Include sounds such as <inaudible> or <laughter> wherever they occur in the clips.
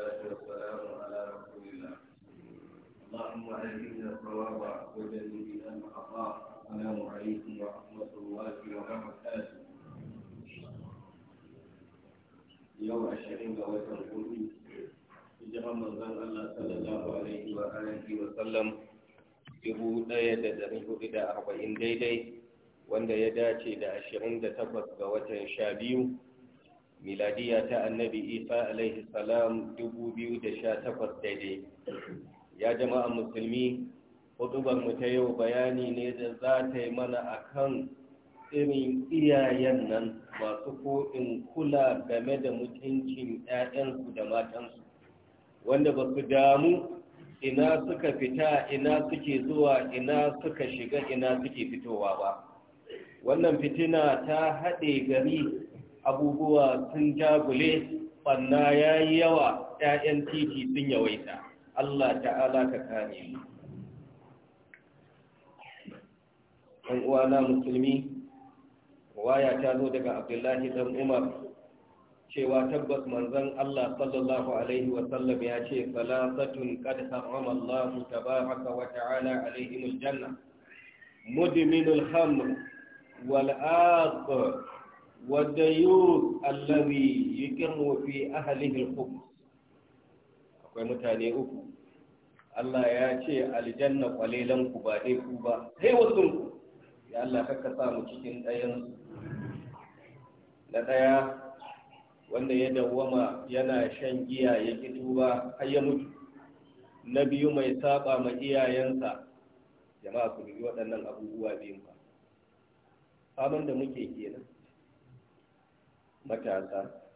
والصلاة والسلام على رسول na اللهم علمنا الصواب hijiran manzon Allah sallallahu alaihi wa alihi wa sallam dubu ɗaya da dari hudu da arba'in daidai wanda ya dace da ashirin da takwas ga watan sha biyu miladiya ta annabi isa alaihi salam 2018 daidai ya jama'a musulmi mu ta yau bayani ne da za ta yi mana akan irin iyayen nan masu ko'in kula game da mutuncin 'ya'yansu da matansu wanda ba su damu ina suka fita ina suke zuwa ina suka shiga ina suke fitowa ba wannan fitina ta haɗe gari abubuwa sun jagule banna ya yi yawa ‘ya'yan titi sun yawaita Allah ta'ala ka kare mu ɗan uwana musulmi waya ta zo daga abdullahi Dan umar cewa tabbas manzon Allah sallallahu alaihi wasallam ya ce salasatun qad harrama Allah tabaraka wa ta'ala alaihimul janna mudminul khamr wal والديوث الذي يكره في أهله الخبز akwai mutane uku Allah ya ce aljanna kwalelan ku ba dai ku ba sai wasu ya Allah kakka sa cikin ɗayan na ɗaya wanda ya dawwama yana shan giya ya ki tuba har ya mutu na biyu mai saba ma iyayensa jama'a ku dubi waɗannan abubuwa biyu ba faman da muke kenan matasa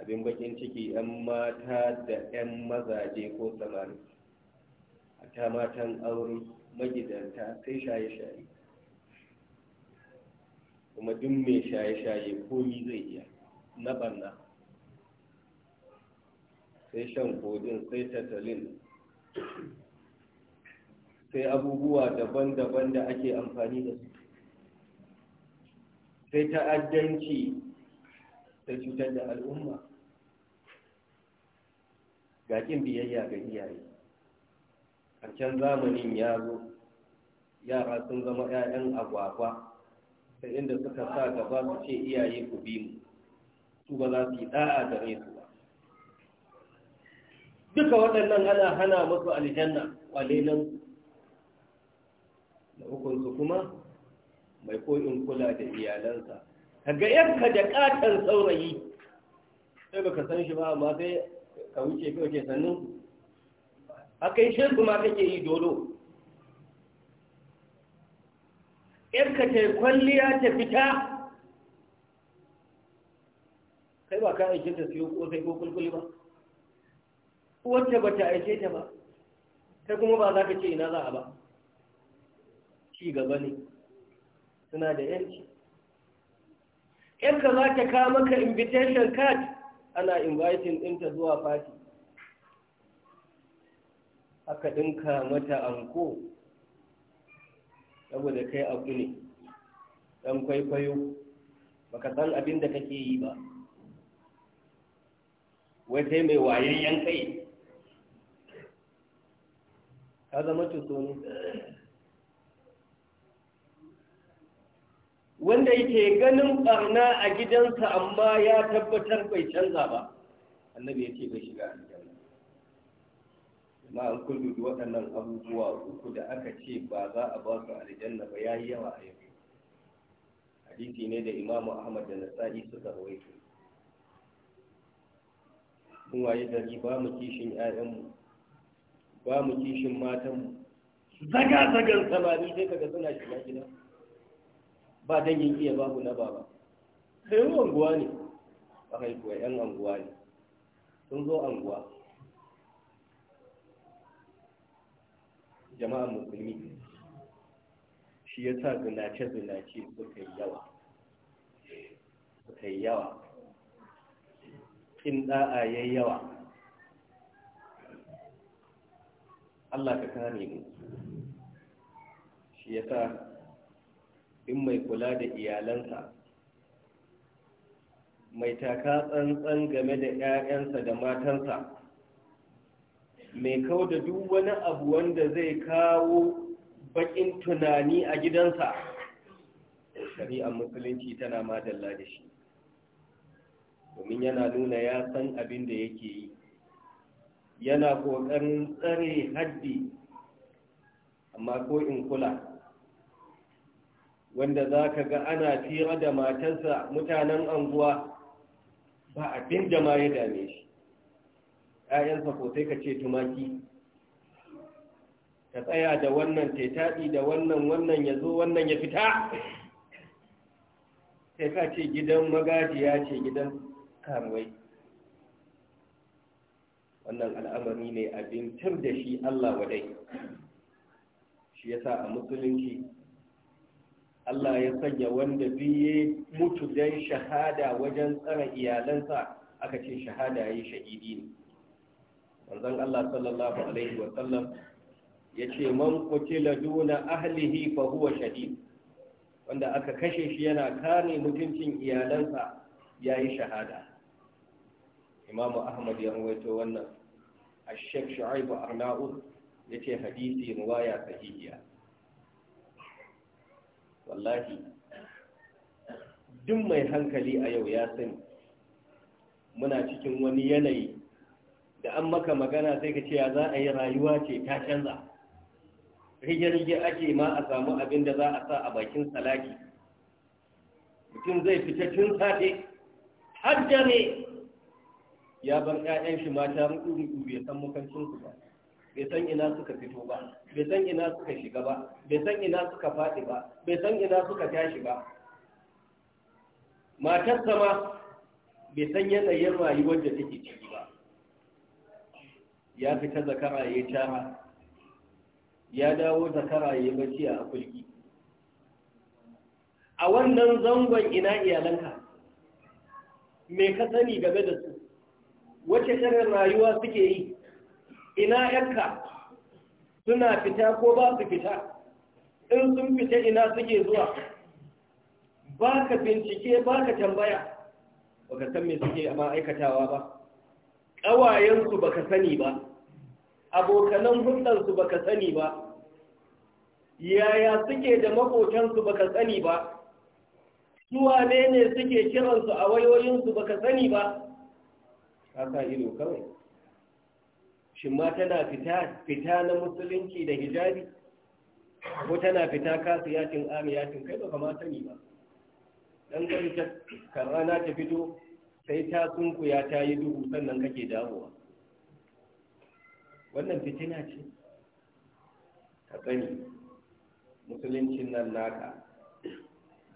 abin bakin ciki 'yan mata da 'yan mazaje ko samari a ta matan aure magidanta sai shaye-shaye kuma duk mai shaye-shaye komi zai iya na barna sai shan kodin sai tattalin sai abubuwa daban-daban da ake amfani da su sai ta'addanci ta cutar da al'umma ga kin biyayya ga iyaye a can zamanin ya zo yara sun zama 'ya'yan agwagwa ta inda suka sa gaba su ce iyaye ku bi mu su ba za su yi da'a gare su ba duka waɗannan ana hana masu aljanna kwalenan da ukunsu kuma mai ko'in kula da iyalansa kaga yanka da katar saurayi sai baka san shi ba amma sai ka wuce kai ke sannu haka yi shirku ma kake yi dolo Yanka ta kwalliya ta fita kai ba ka aikin ta siyo sai ko kulkuli ba wacce ba ta aike ta ba Sai kuma ba za ka ce ina za a ba ci gaba ne suna da yanci yarka za ta kawo maka invitation card ana inviting ɗinta zuwa fati aka ɗinka mata anko saboda kai abu ne ɗan kwaikwayo baka san abin da kake yi ba wata mai wayayyen kai ka zama tuso ne wanda yake ganin barna a gidansa amma ya tabbatar bai canza ba annabi ya ce bai shiga aljanna amma an kullu waɗannan abubuwa uku da aka ce ba za a ba su aljanna ba yayi yawa a yau hadisi ne da imamu ahmad da nasa'i suka rawaito mun waye ni ba mu kishin ƴaƴanmu ba mu kishin matanmu zaga zagan samari sai kaga suna shiga gidan. ba dangin iya babu na baba sai guwa ne ba haikuwa yan anguwa ne sun zo anguwa jama'a musulmi shi ya sa zinace-zinace suka yi yawa suka yi yawa in da'a ya yawa Allah ka kare mu shi ya sa in mai kula da iyalansa mai taka tsantsan game da 'ya'yansa da matansa mai kau da duk wani abu wanda zai kawo bakin tunani a gidansa shari'ar musulunci tana madalla da shi domin yana nuna ya san abin da yake yi yana ƙoƙarin tsare haddi amma ko in kula wanda za ka ga ana fira da matarsa mutanen anguwa ba abin da ma ya dame shi ‘ya'yansa ko sai ka ce tumaki ka tsaya da wannan taitaɗi da wannan wannan ya zo wannan ya fita sai ka ce gidan magajiya ce gidan kamwai wannan al'amari ne abin tur da shi Allah wadai shi yasa a musulunci Allah ya sanya wanda biye mutu don shahada wajen tsara iyalansa aka ce shahada ya yi shahidi ne manzon Allah sallallahu alaihi wa sallam ya man kutila duna ahlihi fa huwa shahid wanda aka kashe shi yana kare mutuncin iyalansa ya yi shahada imamu ahmad ya rawaito wannan ashek shu'aibu arna'ud ya ce hadisi riwaya sahihiya wallahi duk mai hankali a yau ya sani muna cikin wani yanayi da an maka magana sai ka ce ya za a yi rayuwa ce ta canza rige-rige ake ma a samu abin da za a sa a bakin salaki mutum zai fita tun safe har dare ya bar 'ya'yan shi mata rudu-rudu bai san mukancinsu ba bai san ina suka fito ba bai san ina suka shiga ba bai san ina suka faɗi ba bai san ina suka tashi ba matar sama bai san yanayin rayuwar da take ciki ba ya fita zakara ya tara ya dawo zakara ya bacci a kulki a wannan zangon ina iyalanka me ka sani game da su wace shirin rayuwa suke yi ina yanka suna fita ko ba su fita in sun fita ina suke zuwa ba ka bincike ba ka tambaya ba ka san me suke ma aikatawa ba ƙawayensu ba ka sani ba abokanan hulɗarsu ba ka sani ba yaya suke da maƙotansu ba ka sani ba suwa ne ne suke kiransu a wayoyinsu ba ka sani ba ka sa ido kawai shin ma tana fita na musulunci da hijabi ko tana fita kasu yakin amiyatin kai ba ma sani ba dan kan ta karana ta fito sai ta ya ta yi duhu sannan kake dawowa wannan fitina ce ka tsani, musuluncin nan naka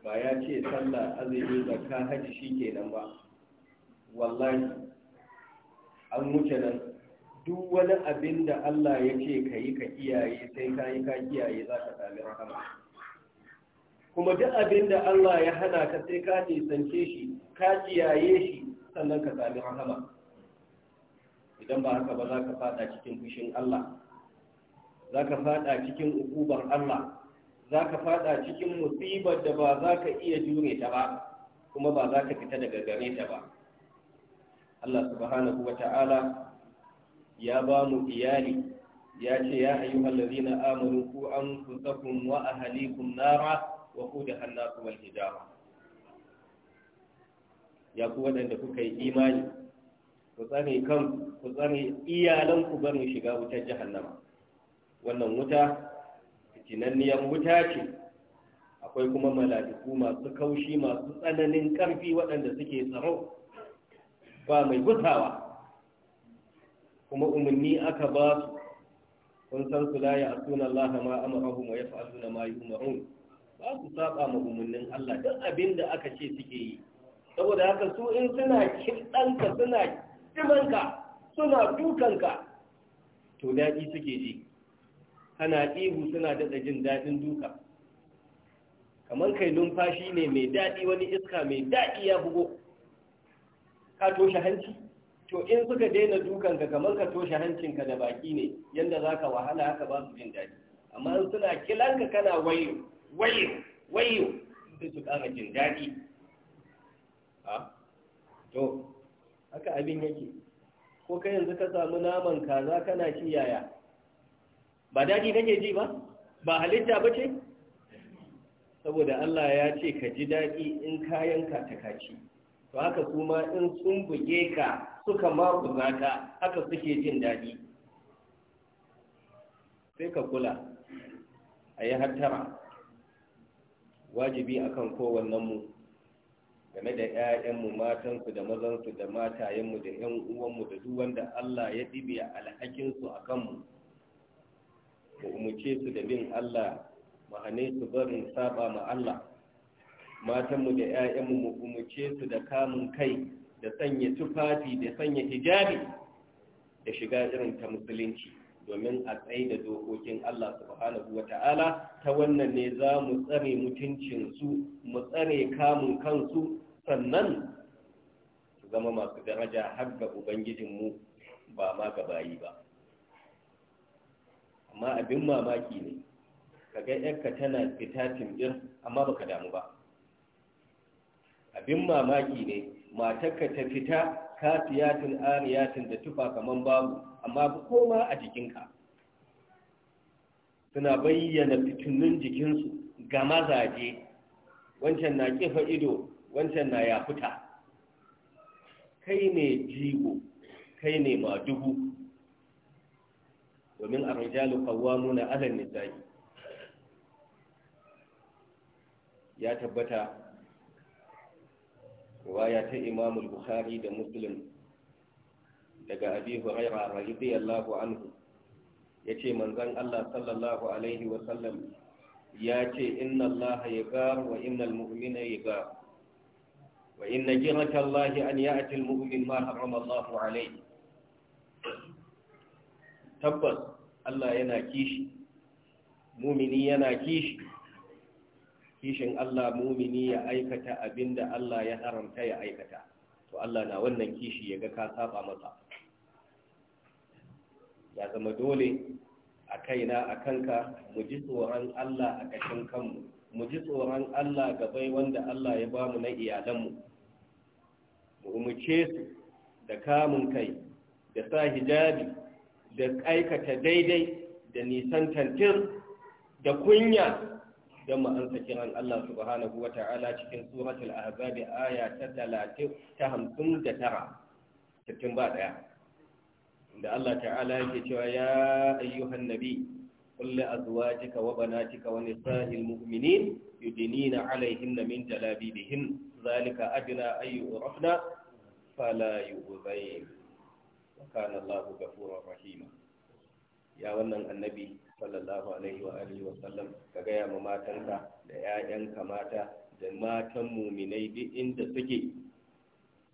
ba ya ce sallah azumi ka hajji shikenan ba wallahi an wuce nan duk wani abin da Allah ya ce ka yi ka kiyaye sai ka yi ka kiyaye za ka sami rahama kuma duk abin da Allah ya hana ka sai ka nisance shi ka kiyaye shi sannan ka sami rahama idan ba haka ba za ka fada cikin fushin Allah za ka fada cikin ukubar Allah za ka fada cikin musibar da ba za ka iya jure ta ba kuma ba za ka fita daga gare ta ba Allah subhanahu wa ta'ala ya ba mu iyali ya ce ya ayyuhal na amuru ku anfusakum wa ahlikum nara wa da an-nasu wal hijara ya ku waɗanda kuka yi imani ku tsare kan ku tsare iyalan ku barin shiga wutar jahannama wannan wuta jinanniyar wuta ce akwai kuma mala'iku masu kaushi masu tsananin ƙarfi waɗanda suke tsaro ba mai gutawa kuma umarni aka ba su kun san su laye a asuna Allah ma amarahum wa yaf'aluna ma yu'marun ba su saba ma umarnin Allah duk abin da aka ce suke yi saboda haka su in suna kiɗanka suna kimanka suna dukanka to daɗi suke ji kana ihu suna daɗa jin daɗin duka kamar kai numfashi ne mai daɗi wani iska mai daɗi ya bugo ka toshe hanci to in suka daina dukan ka kamar ka toshe hancin ka da baki ne yanda za ka wahala haka ba su jin daɗi amma in suna kilanka kana wayo wayo wayo sai su ƙara jin daɗi to haka abin yake ko kai yanzu ka samu naman kaza kana ci yaya ba daɗi kake ji ba ba halitta ba ce saboda Allah ya ce ka ji daɗi in kayan ka ta kaci to haka kuma in sun buge ka suka makuza ta haka suke jin daɗi sai ka kula Ayi yi hattara wajibi akan kowannenmu game da 'ya'yanmu matansu da mazansu da matayenmu da 'yan uwanmu da duk wanda Allah ya dibiya alhakinsu a kanmu ko umuce su da bin Allah hane su barin saba ma Allah matanmu da 'ya'yanmu mu umuce su da kamun kai da sanya tufafi da sanya hijabi da shiga irin ta musulunci domin a tsaye da dokokin Allah subhanahu wa ta wannan ne za mu tsare mutuncinsu mu tsare kamun kansu sannan su zama masu daraja har ga Ubangijinmu ba ma bayi ba amma abin mamaki ne Ka ga yarka tana fitatin din amma baka damu ba abin mamaki ne matarka ta fita kafiyatin ariyatin da tufa kaman babu amma ba koma a jikinka suna bayyana fitinin jikinsu ga mazaje wancan na kifa ido wancan na yafuta kai ne jigo kai ne madubu domin a rijalu na alal ya tabbata riwaya ta Imam al-Bukhari da Muslim daga Abi Hurairah radiyallahu anhu yace manzon Allah sallallahu alaihi wa sallam ya ce inna Allah yaghar wa innal mu'mina yaghar wa inna jirata Allah an ya'ti al-mu'min ma harrama Allah alaihi tabbas Allah yana kishi mumini yana kishi kishin Allah mumini ya aikata abinda Allah ya haramta ya aikata to Allah na wannan kishi ya ga ka saba masa ya zama dole a kaina a kanka mu ji tsoron Allah a kashin kanmu mu ji tsoron Allah ga gabai wanda Allah ya bamu na iyalanmu mu umuce su da kamun kai da sa hijabi da aikata daidai da nisan tantir da kunya don mu ansa kiran Allah subhanahu wa ta'ala cikin suratul ahzabi aya ta 30 ta 59 cikin ba daya da Allah ta'ala yake cewa ya ayyuhan nabi qul li azwajika wa banatika wa nisa'il mu'minin yudinina 'alayhinna min jalabibihin zalika adna ay yurafna fala yu'zain wa kana Allahu ghafurur rahima. ya wannan annabi sallallahu alaihi wa alihi wa sallam ka gaya ma matanka da 'ya'yanka mata da matan muminai duk inda suke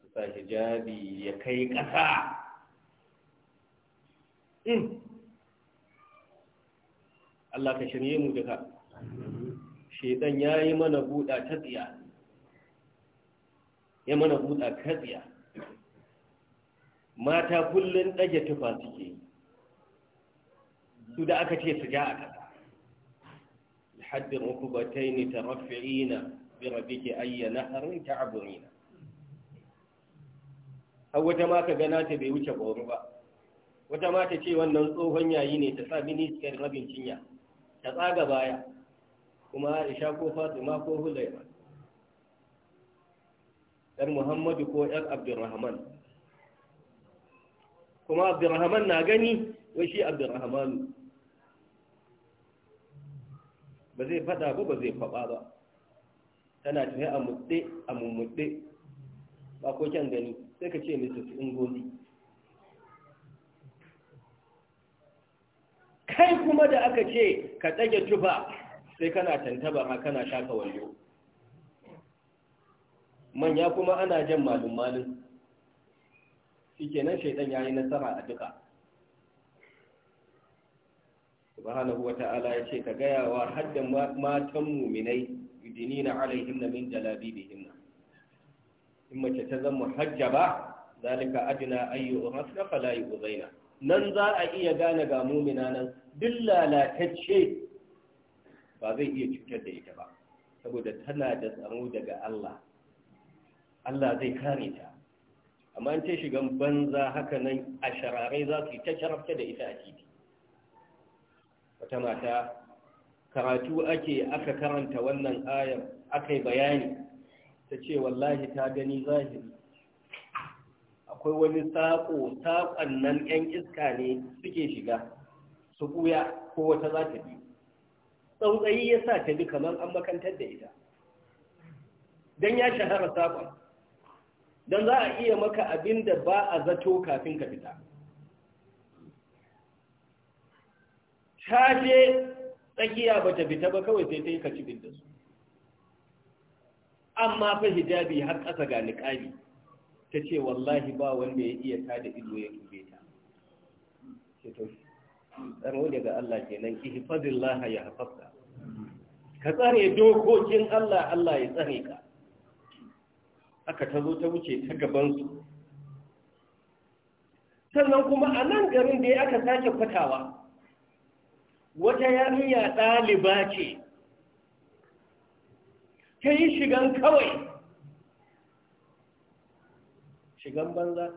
su sa hijabi ya kai ƙasa mm. Allah ka shirye mu duka shedan ya mana buɗa ta tsiya ya mana buɗa ka tsiya mata kullum ɗage tufa suke yi su da aka ce su ja a ƙasa لحد الركبتين ترفعين بربك ta aburi na har wata ma ka gana ta bai wuce goro ba wata ma ta ce wannan tsohon yayi ne ta sa ministiyar rabin cinya ta tsaga baya kuma aisha ko ma ko hulaima ɗan muhammadu ko yar abdurrahman kuma abdurrahman na gani wai shi abdurrahmanu ba zai fada ba ba zai faɓa ba tana tafi a mutse a mummutse ba ko kyan gani sai ka ce mrs ingozi kai kuma da aka ce ka ɗage tufa sai kana tantaba ma kana shaka wando manya kuma ana jan malin malin shi kenan shaidan ya yi nasara a duka subhanahu wa ta'ala ya ce ka gaya wa hadda matan muminai alaihim na min himna. in mace ta zama hajjaba zalika adina ayyu hasna fala yuzaina nan za a iya gane ga mumina nan duk lalatacce ba zai iya cutar da ita ba saboda tana da tsaro daga Allah Allah zai kare ta amma an ce shigan banza haka nan a shararai za su yi ta sharafta da ita a titi Ta mata karatu ake aka karanta wannan ayar aka bayani ta ce wallahi ta gani zahiri akwai wani saƙo saƙon nan 'yan iska ne suke shiga su ɓuya ko wata za ta bi tsautsayi ya sa ta bi kamar an makantar da ita don ya shahara saƙon don za a iya maka abin da ba a zato kafin ka fita ta je tsakiya ba ta fita ba kawai sai ta yi kacibin da su amma fa hijabi har ƙasa ga niƙabi ta ce wallahi ba wanda ya iya ta da ido ya tube ta tsaro daga Allah ke nan kenan laha ya hafafka ka tsare dokokin Allah Allah ya tsare ka aka ta zo ta wuce ta gabansu sannan kuma a nan garin da ya aka sake fatawa wata yarinya ɗaliba ce ta yi shigan kawai shigan banza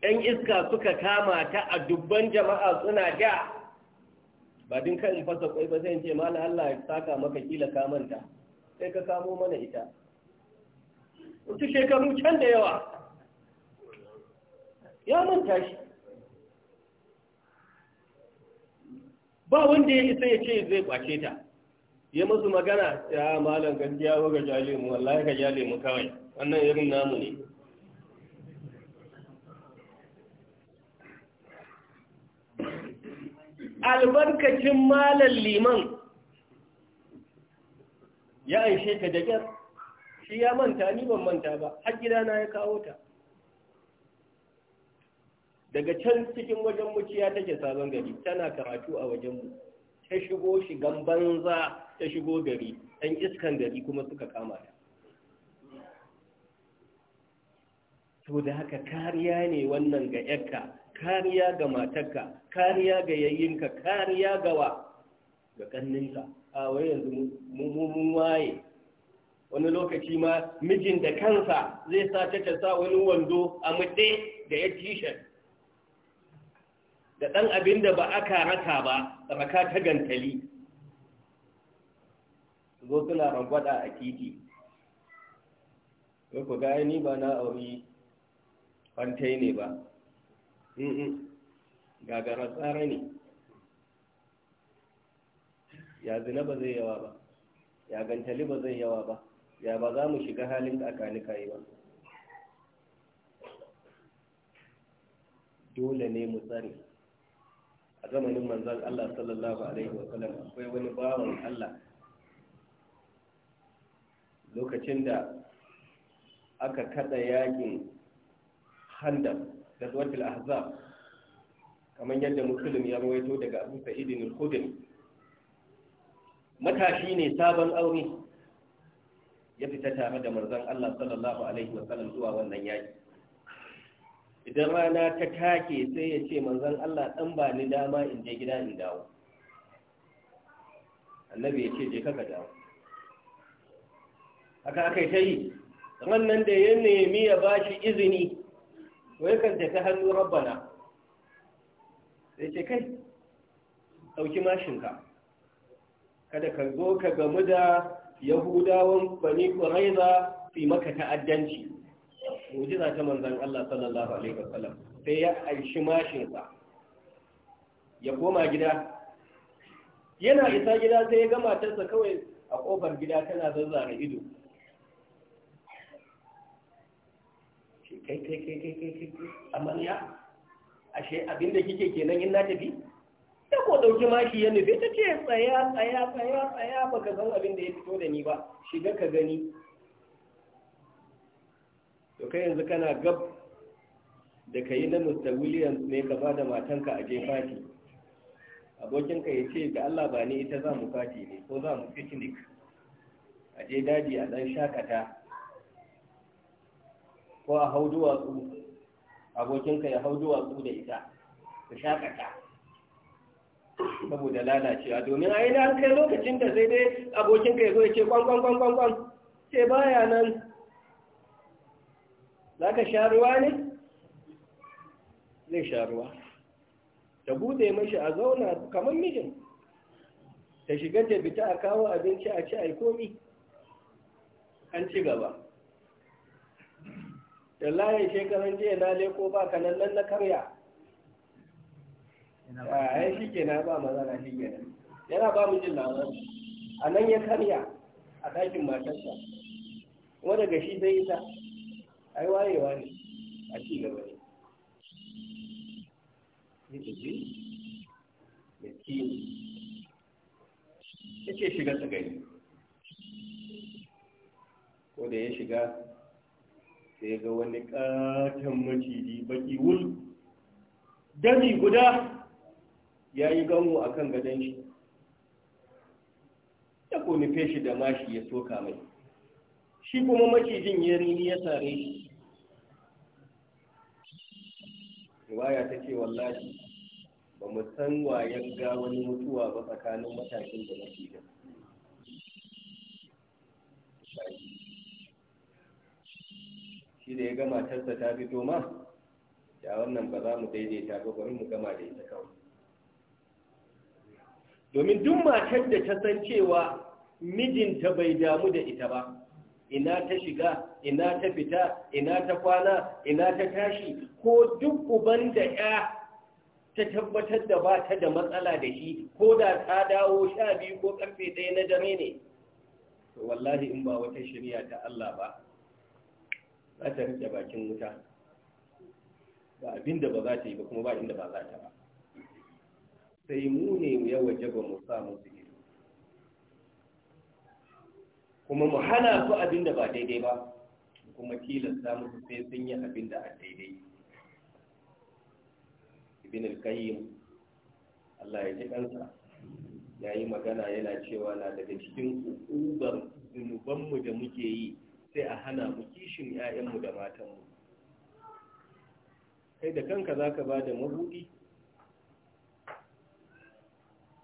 ɗan iska suka kama ta a dubban jama'a suna da ba din kan in fasa kwai ba sai in ce mala Allah ya saka maka kila ka manta sai ka kamo mana ita wasu shekaru can da yawa ya manta shi ba wanda ya isa ya ce zai kwace ta ya musu magana ya malam gaskiya ko ga jale mu wallahi ka jale mu kawai wannan irin namu ne albarkacin malam liman ya aishe ka da shi ya manta ni ban manta ba har gida na ya kawo ta daga can cikin wajen muciya take sabon gari tana karatu a wajen mu ta shigo shigan banza ta shigo gari ɗan iskan gari kuma suka kama ta to da haka kariya ne wannan ga yakka kariya ga matarka kariya ga yayyinka kariya ga wa ga kanninka a wai yanzu mummun waye wani lokaci ma mijin da kansa zai sa ta sa wani wando a mutse da ya t-shirt da ɗan abin da ba aka raka ba raka ta gantali zo suna rangwada a titi ya ku gaya ni ba na auri kwantai ne ba gagara tsara ne ya zina ba zai yawa ba ya gantali ba zai yawa ba ya ba za mu shiga halin nika yi ba dole ne mu tsare a zamanin manzan Allah sallallahu alaihi wa akwai wani bawan Allah lokacin da aka kada yakin handa da zuwatul ahzab kamar yadda musulun ya rawaito daga abu sa'idin al kudin matashi ne sabon aure ya fita tare da manzan Allah sallallahu alaihi wa zuwa wannan yaki idan rana ta take sai ya ce manzon Allah ɗan ba ni dama in je gida in dawo annabi ya ce je kaka dawo haka aka yi ta yi wannan da ya nemi ya ba shi izini wai kan ta hannu rabbana sai ce kai ɗauki mashinka kada ka zo ka gamu da yahudawan bani ƙuraiza fi maka ta'addanci mujiza ta manzan Allah sallallahu alaihi wasallam sai ya aishi mashinsa ya koma gida yana isa gida sai ya ga matarsa kawai a kofar gida tana zazzara ido kai kai kai kai kai kai amarya ashe abinda kike kenan in na tafi ta ko dauki mashi ya nufi ta ce tsaya tsaya tsaya tsaya baka san abinda da ya fito da ni ba shiga ka gani to kai yanzu kana gab da ka yi na mr williams ne ka ba da matanka a jefati abokinka ya ce da allah ba ni ita za mu fati ne ko za mu picnic a je daji a dan shakata ko a hau duwatsu abokinka ya hau duwatsu da ita ka shakata saboda lalacewa domin a yi na an kai lokacin da sai dai abokinka ya zo ya ce kwan kwan kwan kwan ce baya nan za ka sha ruwa ne zai sha ruwa ta bude mashi a zauna kamar mijin ta shiga ta fita a kawo abinci a ci a komi an ci gaba da layin shekaran jiya na leko ba ka nan na karya a yi ah, shi ke na ba mazana shi ke nan yana ba mu jin labarin a nan ya karya a ɗakin matarsa kuma daga shi zai yi ta ai wayewa ne a ci gaba ne ya da kini ce shiga tsagani ko da ya shiga sai ga wani katon maciji baki wul dami guda ya yi ganwo a kan gadon shi ya kone feshi da mashi ya soka mai shi kuma macijin ya rini ya sare shi riwaya ta ce wallahi ba mu san wayan ga wani mutuwa ba tsakanin matakin da macijin shi da ya gama matarsa ta fito ma da wannan ba za mu daidaita ba bari mu gama da ita kawai domin duk matar da ta san cewa mijinta bai damu da ita ba ina ta shiga ina ta fita ina ta kwana ina ta tashi ko duk uban da ya ta tabbatar da ba ta da matsala da shi ko da ta dawo sha biyu ko karfe ɗaya na dare ne to wallahi in ba wata shirya ta Allah ba za ta rike bakin wuta ba abin da ba za ta yi ba kuma ba inda ba za ta ba sai mu ne ya waje ba mu sa musu kuma mu hana su abin da ba daidai ba kuma tilasta su sai sun yi abin da a daidai ibn al-qayyim Allah ya ji kansa ya yi magana yana cewa na daga cikin ƙuƙugar zunubanmu da muke yi sai a hana mu kishin 'ya'yanmu da matanmu kai da kanka za ka ba da mabuɗi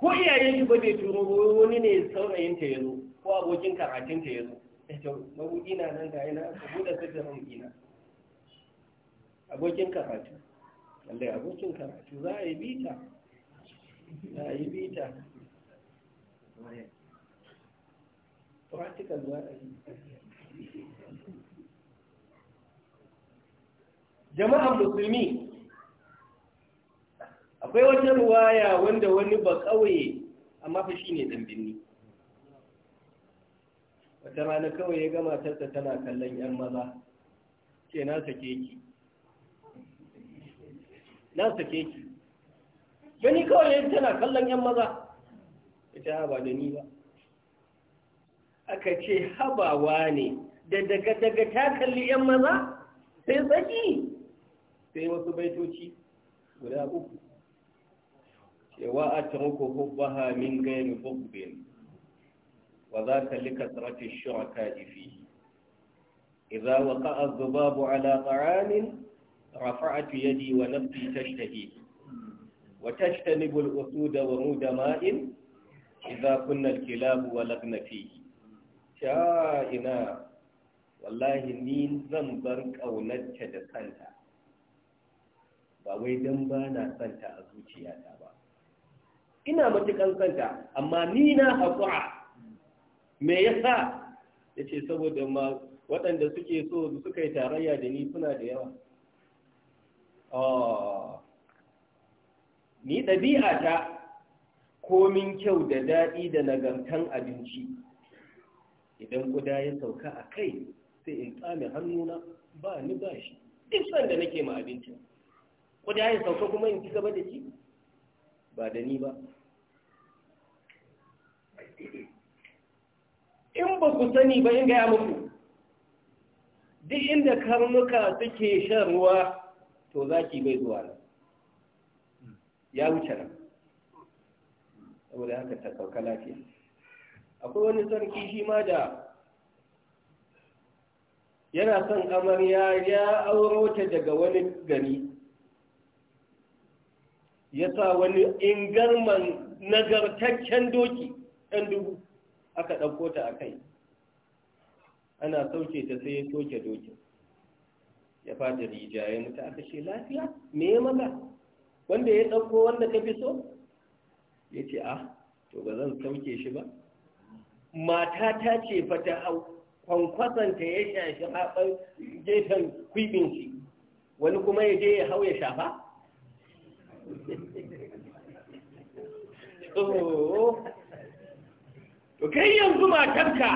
ko iyayen shi ba zai turo wani ne saurayinta ya zo ko abokin karatunta ya zo ya ce mabuɗi na nan ga yana ka buɗe sirrin mabuɗi na abokin karatu lallai abokin karatu za a yi bita za a yi bita practical za a yi jama'an musulmi akwai wata ruwaya wanda wani ba ƙauye amma fa shi ne ɗan birni wata rana kawai ya gama tarsa tana kallon yan maza ce na sake ki na sake ki gani kawai ya tana kallon yan maza ita ba da ni ba aka ce habawa ne da daga daga ta kalli yan maza sai tsaki sai wasu baitoci guda uku cewa a hubba ha min gani hubbin وذاك لكثرة الشركاء فيه إذا وقع الذباب على طعام رفعت يدي ونفسي تشتهي وتجتنب الأسود ورود ماء إذا كنا الكلاب ولغن فيه شائنا والله نين زنبرك أو نجد سنتا باوي دنبانا سنتا أزوجياتا با ina matukan santa amma ni na haƙura me yasa yace saboda ma waɗanda suke so suka yi tarayya da ni suna da yawa ah. ni ɗabi'a ta komin kyau da daɗi da nagartan abinci idan da ya sauka a kai sai in tsame hannuna ba ni ba shi duk sanda nake ma abinci da ya sauka kuma in ci gaba da ci ba da ni ba in ba ku sani ba in gaya muku duk inda karnuka suke shan ruwa to za ki bai zuwa nan ya wuce nan saboda haka ta sauka lafiya akwai wani sarki shi ma da yana son amarya ya auro ta daga wani gari ya sa wani ingarman nagartaccen doki ɗan dubu aka ɗauko ta a kai ana sauke ta sai ya soke dokin ya fada rija mutu aka ce lafiya me ya maka wanda ya ɗauko wanda ka fi so ya ce ah to ba zan sauke shi ba mata ta ce fa ta hau kwankwasanta ya shashi haɓar gefen kwibin shi wani kuma ya je ya hau ya shafa <laughs> to kai yanzu matarka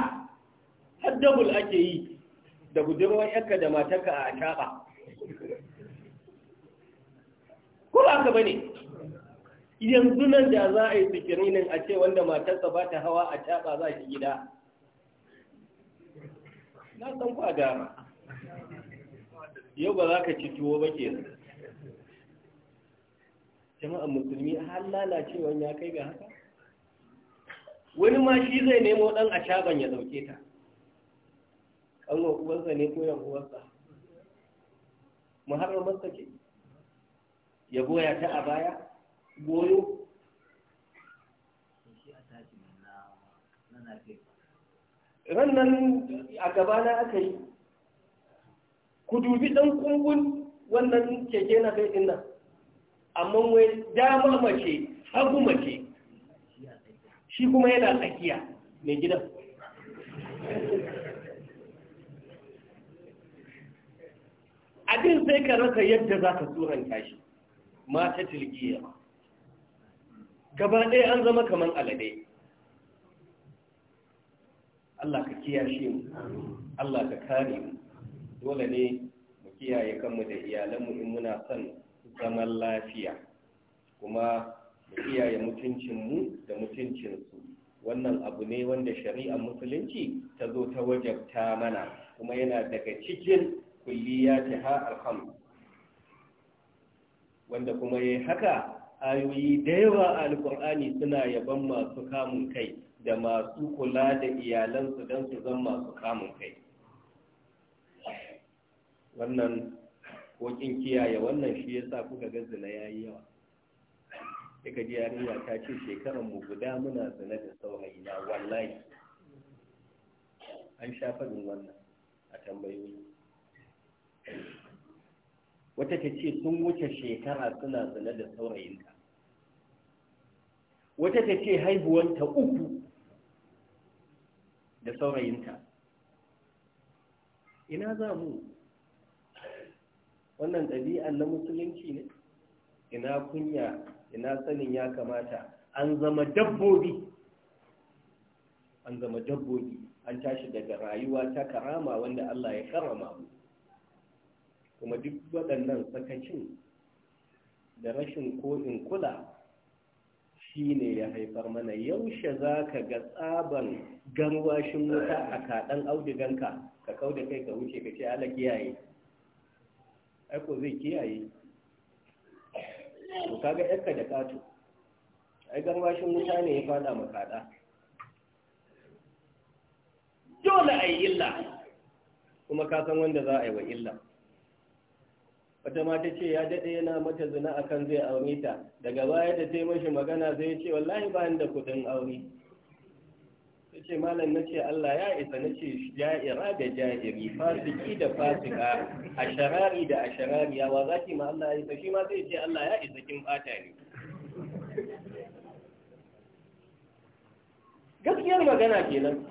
haddabul ake yi da budurwar yanka da matarka a shaɓa ko ba ka bane yanzu nan da za a yi sikirinin a ce wanda matarsa ba ta hawa a shaɓa za shi gida na san ku a yau ba za ka ci tuwo ba ke jama'an musulmi har lalacewa ya kai ga haka wani ma shi zai nemo ɗan a shagon ya ɗauke ta ƙanwa uwarsa ne ko yan uwarsa muharramarsa ke ya goya ta a baya goyo rannan a gabana aka yi ku dubi ɗan kungun wannan keke na kai ɗin nan amma wai dama mace hagu mace shi kuma yana tsakiya mai gidan abin sai ka raka yadda za ka tsoron tashi mata tilgiya gaba ɗaya an zama kamar alade Allah ka kiyashe mu Allah ka kare mu dole ne mu kiyaye kanmu da iyalanmu in muna son zaman lafiya kuma da kiyaye mutuncinmu da mutuncinsu wannan abu ne wanda shari'ar musulunci ta zo ta wajabta mana kuma yana daga cikin kulliya ha alhamdu wanda kuma ya haka ayoyi da yawa a alkur'ani suna yaban masu kamun kai da masu kula da iyalansu don su zan masu kamun kai wannan kokin kiyaye wannan shi yasa kuka ga zina yayi yawa sai ka ji yarinya ta ce shekaran mu guda muna zane da saurayi na wallahi an sha faɗin wannan a tambayoyi wata ta ce sun wuce shekara suna zane da saurayinta wata ta ce haihuwanta uku da saurayinta ina za mu wannan ɗabi'an na musulunci ne ina kunya ina sanin ya kamata an zama dabbobi an zama dabbobi an tashi daga rayuwa ta karama wanda Allah ya karama mu kuma duk waɗannan sakacin da rashin ko'in kula shi ne ya haifar mana yaushe za ka ga tsaban garwashin wuta a kaɗan audiganka ka kau kai ka wuce ka ce ala kiyaye aiko zai kiyaye ka kaga 'yarka da kato ai garwashin wuta ne ya fada ma dole dole yi illa kuma ka san wanda za a yi wa illa wata mata ce ya daɗe yana mata zina akan zai aure ta daga baya da ta magana zai ce wallahi bayan da kudin aure ce malam na ce Allah ya isa na ce ja'ira da ja'iri fasiki da fasika a sharari da a ya wa za ki ma Allah ya isa shi ma zai ce Allah ya isa kin bata ne gaskiyar magana kenan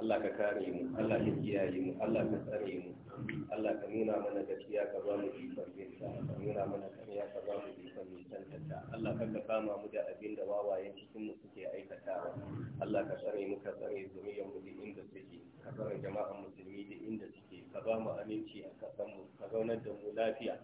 Allah ka kare mu Allah ya kiyaye mu Allah ka tsare mu Allah ka nuna mana gaskiya ka ba mu ikon ta ka nuna mana kariya ka ba mu ikon nisanta ta Allah ka ka kama mu da abin da wawayen cikin mu suke aikatawa Allah ka tsare mu ka tsare zuriyar mu da inda suke ka tsare jama'an musulmi da inda suke ka ba mu aminci a kasan mu ka zaunar da mu lafiya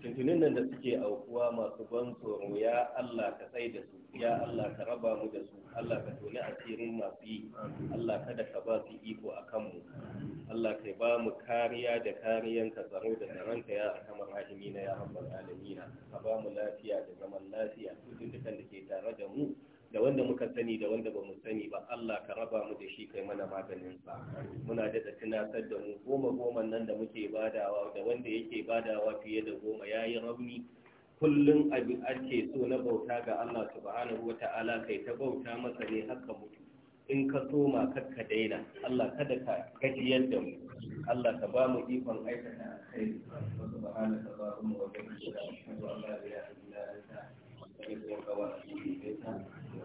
tuntunin nan da suke aukuwa masu ban tsoro ya Allah ka tsai da su ya Allah ka raba mu da su Allah ka toni asirin masu yi Allah kada ka ba su iko a kanmu Allah ka ba mu kariya da kariyan ka tsaro da tsaron ka ya kamar rahimi na ya rabbal alamin ka ba mu lafiya da zaman lafiya tutun da ke tare da mu da wanda muka sani da wanda ba mu sani ba Allah ka raba mu da shi kai mana maganin sa muna da tunatar da mu goma goma nan da muke badawa da wanda yake badawa fiye da goma yayi rauni kullum abin ake so na bauta ga Allah subhanahu wata'ala kai ta bauta masa ne haka mutu in ka soma kakka daina Allah kada ka gajiyar da mu Allah ka ba mu ikon aikata kai wa subhanaka Allahumma wa wa ashhadu wa la wa illa wa astaghfiruka wa wa ilayk